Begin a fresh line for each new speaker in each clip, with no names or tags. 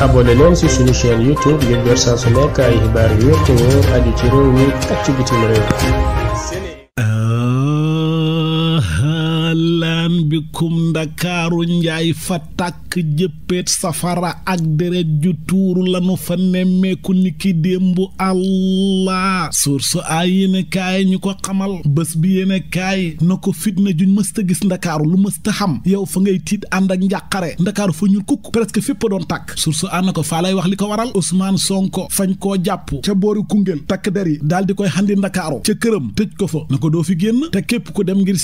abonné leen ci suñu chaîne YouTube ngir jot su nekk ay xibaar yu wér te wóor aju ci réew mi ci bitim laan bi kum ndakaaru njaay fa tàkk jëppeet safara ak deret ju tuuru lanu fa nemmeeku niki démb allah source ay yéene kaay ñu ko xamal bés bi yéene kaay na ko fitna juñ mësta gis ndakaaru lu mësta xam yow fa ngay tiit ànd ak njàqare ndakaaru fa ñuul kukk presque fépp a doon tàkk source ana ko faa lay wax li ko waral Ousmane Sonko fañ koo jàpp ca boori Koungheul takk der yi daal di koy xandi ndakaaru ca këram tëj ko fa na ko doo fi génn te képp ku dem ngir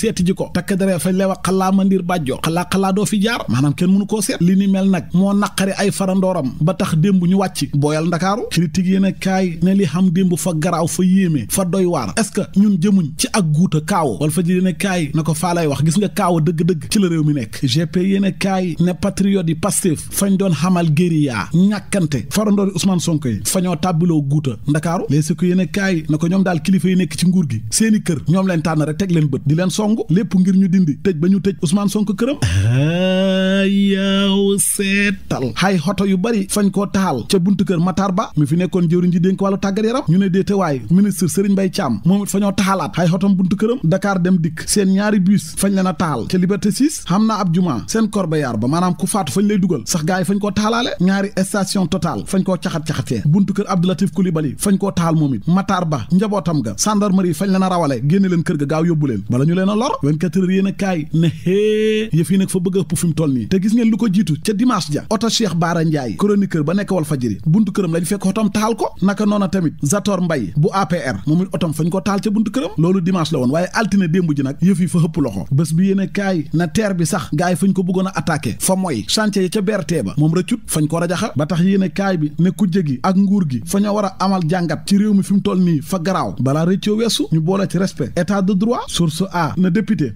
lewa xalaa mandir bàjjo xalaa xalaa doo fi jaar maanaam kenn mënu koo seet li ni mel nag moo naqari ay farandooram ba tax démb ñu wàcc booyal ndakaaru critique yéen a kaay ne li xam démb fa garaaw fa yéeme fa doy waar est-ce que ñun jëmuñ ci ak guuta kaawo wala fa ji yéen a kaay na ko faa lay wax gis nga kaawo dëgg-dëgg ci la réew mi nekk gp yéen a kaay ne patriote yi Pastef fañ doon xamal guérilla ñàkkante farandoori Ousmane Sonko yi fañoo ñoo tàbbiloo guuta ndakaaru les a kaay na ko ñoom daal kilifa yi nekk ci nguur gi seeni kër ñoom leen tànn rek teg leen bët di leen song lépp ngir ñu dindi tëj ba ñu tëj Ousmane sonk këram ah, yaaw seetal hay xoto yu bari fañ koo taal ca buntu kër Matar Ba mu fi nekkoon jëwriñ ji dénk wàllu tàggat yaram ñu ne déetewaay ministre Serigne Mbaye Thiam moom it fa ñoo taxalaat hay xotom buntu këram dakaar dem dikk seen ñaari bus fañ leen a taal ca Liberté 6 xam naa ab juma seen corbeillard ba maanaam ku faatu fañ lay dugal sax gars yi fañ koo taalaale ñaari station Total fañ koo caxat-caxatee buntu kër Abdoulatif Coulibaly fañ koo taal moom it Ba njabootam ga gendarmerie fañ leen a rawale génne leen kër ga gaaw yóbbu leen bala kaay ne hee yëf yi nag fa bëgg a ëpp fi mu toll nii te gis ngeen lu ko jiitu ca dimanche ja oto Cheikh Baara Ndiaye chroniqueur ba nekk wal fajiri buntu këram lañ fekk otom taal ko naka noona tamit Zator Mbaye bu APR moom it otom fañ ko taal ca buntu këram loolu dimanche la woon waaye altine démb ji nag yëf yi fa xëpp loxo bés bi yéene kaay na teer bi sax gaay fañ ko bëggoon a attaqué fa mooy chantier ya ca BRT ba moom rëccut fañ ko rajaxa ba tax yéene kaay bi ne kujje ak nguur gi fa ñoo war a amal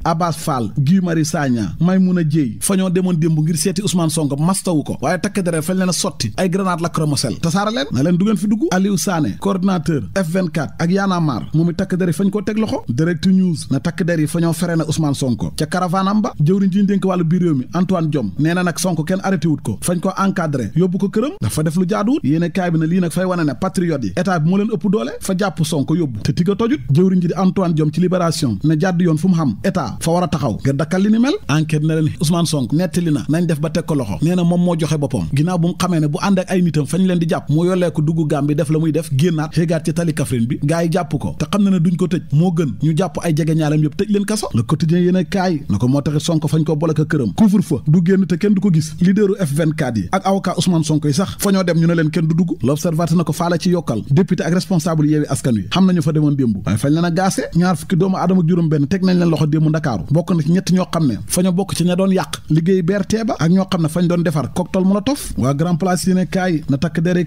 a Sall Guy Marius Sagna Maymouna Dièye fa demoon démb ngir seeti Ousmane Sonko mastawu ko waaye takk dere fañ leen a sotti ay grenade lacrymogène tasaara leen na leen du fi dugg Aliou Sané coordinateur F24 ak Y'en a marre moom it teg loxo Direct News na takk der yi fa Sonko ca caravane ba jëwriñ ji dénk wàllu biir réew mi nee na nag Sonko kenn arrêté ko fañ ko encadré yóbbu ko këram dafa def lu jaaduwut taxaw nga dakkal li ni mel enquête ne leen Ousmane Sonko nettali na nañ yi xam na ne duñ ko a kaay na ko moo taxi Sonko fañ ko du génn te kenn du ko gis leaderu f sax fa dem ñu ne leen kenn du dugg l'observateur na ko faala ci yokkal député ak responsable yeewi askan wi xam nañu fa demoon waaye fañ leen a gaase ñaar fukki doomu aadama juróom benn teg nañ leen loxo démb Ndakaaru na ci ñett ñoo xam ne fa ñu bokk ci ña doon yàq liggéey BRT ba ak ñoo xam ne fañ doon defar cocktail molotov waa grand place yéen kaay na takk dere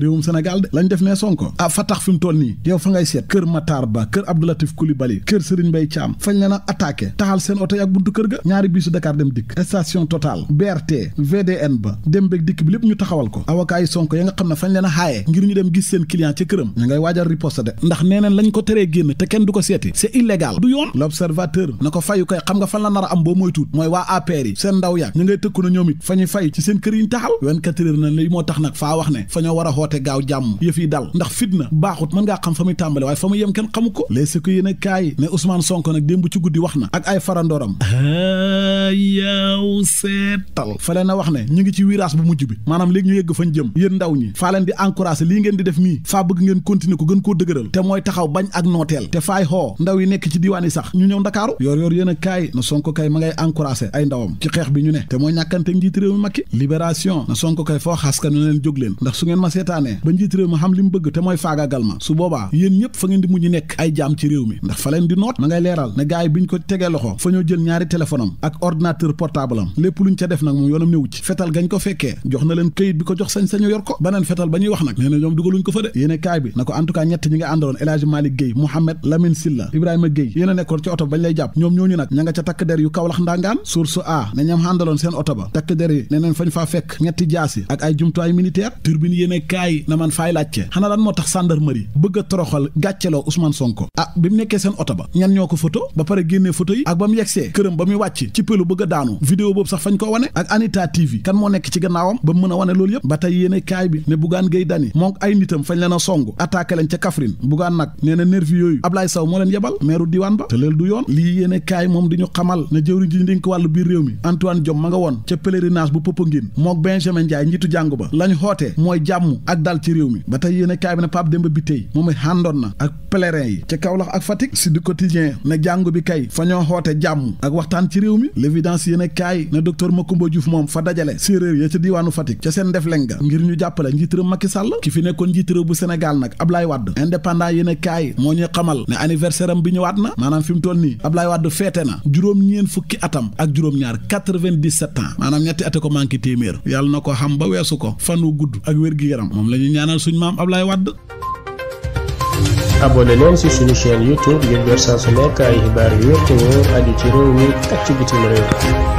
leen lañ def ne ah, fa tax fi mu toll nii yow fa ngay seet kër Matar Ba kër Abdoulatif Coulibaly kër Serigne Mbaye a attaqué taxal seen oto yi ak buntu kër ga ñaari biisu Dakar dem dikk station Total BRT ñu taxawal ko avocat yi sonko ya nga xam ne a xaaye ngir ñu dem gis seen client ci këram ñu ngay waajal riposte de ndax nee lañ ko teree génn te kenn du ko seeti c'est illégal du yoon l'observateur na ko fayu kay xam nga fan la nar a am boo moytuut mooy waa APR yi seen ndaw yaag ñu ngay tëkku na ñoom fa ñuy fay ci seen kër yiñ taxaw 24 heures na li moo tax nag faa wax ne fa ñoo war a xoote gaaw jàmm yëf yi dal ndax fitna baaxut mën ngaa xam fa muy tàmbale waaye fa mu yem kenn xamu ko léegsi ko yéen a kaay ne Ousmane Sonko nag démb ci guddi wax na ak ay farandoram ah, yaaw seetal a wax ne ñu ngi ci virage bu mujj bi maanaam léegi ñu yëgg jëm yéen ndaw ñi faa leen di encouragé lii ngeen di def nii faa ngeen continuer ko gën koo dëgëral te mooy taxaw taxaw bañ ak nooteel te faay xoo ndaw nekk ci diiwaan yi sax ñu ñëw ndakaaru yoor yoor yéen a kaay na sonko ma ngay encouragé ay ndawam ci xeex bi ñu ne te mooy ñàkkante njiit réew mi makki libération na sonko kay foo xas leen jóg ndax su ngeen ma seetaanee ba njiit réew mi xam li bëgg te mooy faagaagal ma su boobaa yéen ñëpp fa ngeen di mujj nekk ay jaam ci réew mi ndax fa leen di noot ma ngay leeral ne gaay bi ñu ko tegee loxo fa ñoo jël Malick Gueye Mouhamed ba takk der yi moo tax gendarmerie bëgg toroxal gàcceloo Ousmane Sonko ah bi mu nekkee seen oto ba ñan ñoo ko photo ba pare génnee photo yi ak ba mu yegsee këram ba muy wàcc ci pelu bëgg a daanu vidéo boobu sax fañ ko wane ak Anita TV kan moo nekk ci gannaawam ba mu mën a wane loolu yëpp ba tey yéen kaay bi ne Bougane Gueye Dany moom ay nitam fañ leen a song attaqué ca Kaffrine Bougane nag nee na nervi yooyu Ablaye Sow moo leen yebal maire diwaan ba te loolu du yoon lii yéene kaay moom di ñu xamal ne jëwriñ ji ñu dénk wàllu biir réew mi Antoine Diome ma nga woon ca pèlerinage bu Popenguine mook Benjamin Ndiaye njiitu jàngu ba lañ xootee mooy jàmm ak dal ci réew mi ba tey yéene kaay bi ne Pape Demba Bitèye moom it àndoon na ak pèlerin yi ca Kaolack ak Fatick si du quotidien ne jàngu bi kay fa ñoo xoote jàmm ak waxtaan ci réew mi l'évidence yéene kaay ne docteur Macoumba Diouf moom fa dajale séeréer ya ca diiwaanu Fatick ca seen def len nga ngir jàppale njiit réew Macky Sall ki fi nekkoon njiit réew bu Sénégal nag Ablaye Wade indépendant yéene kaay moo ñuy xamal ne anniversaire am bi ñu waat na maanaam fi mu toll nii ab lay Wade feete na juróom-ñeen fukki atam ak juróom-ñaar vingt dix maanaam ñetti ate ko manqué téeméer yàlla na ko xam ba weesu ko fanu gudd ak wér-gi-yaram moom la ñuy ñaanal suñ maam Ablaye Wade abonné leen ci suñu chaîne YouTube ngir jot saa su nekk ay xibaar yu wér te wóor aju ci réew mi ak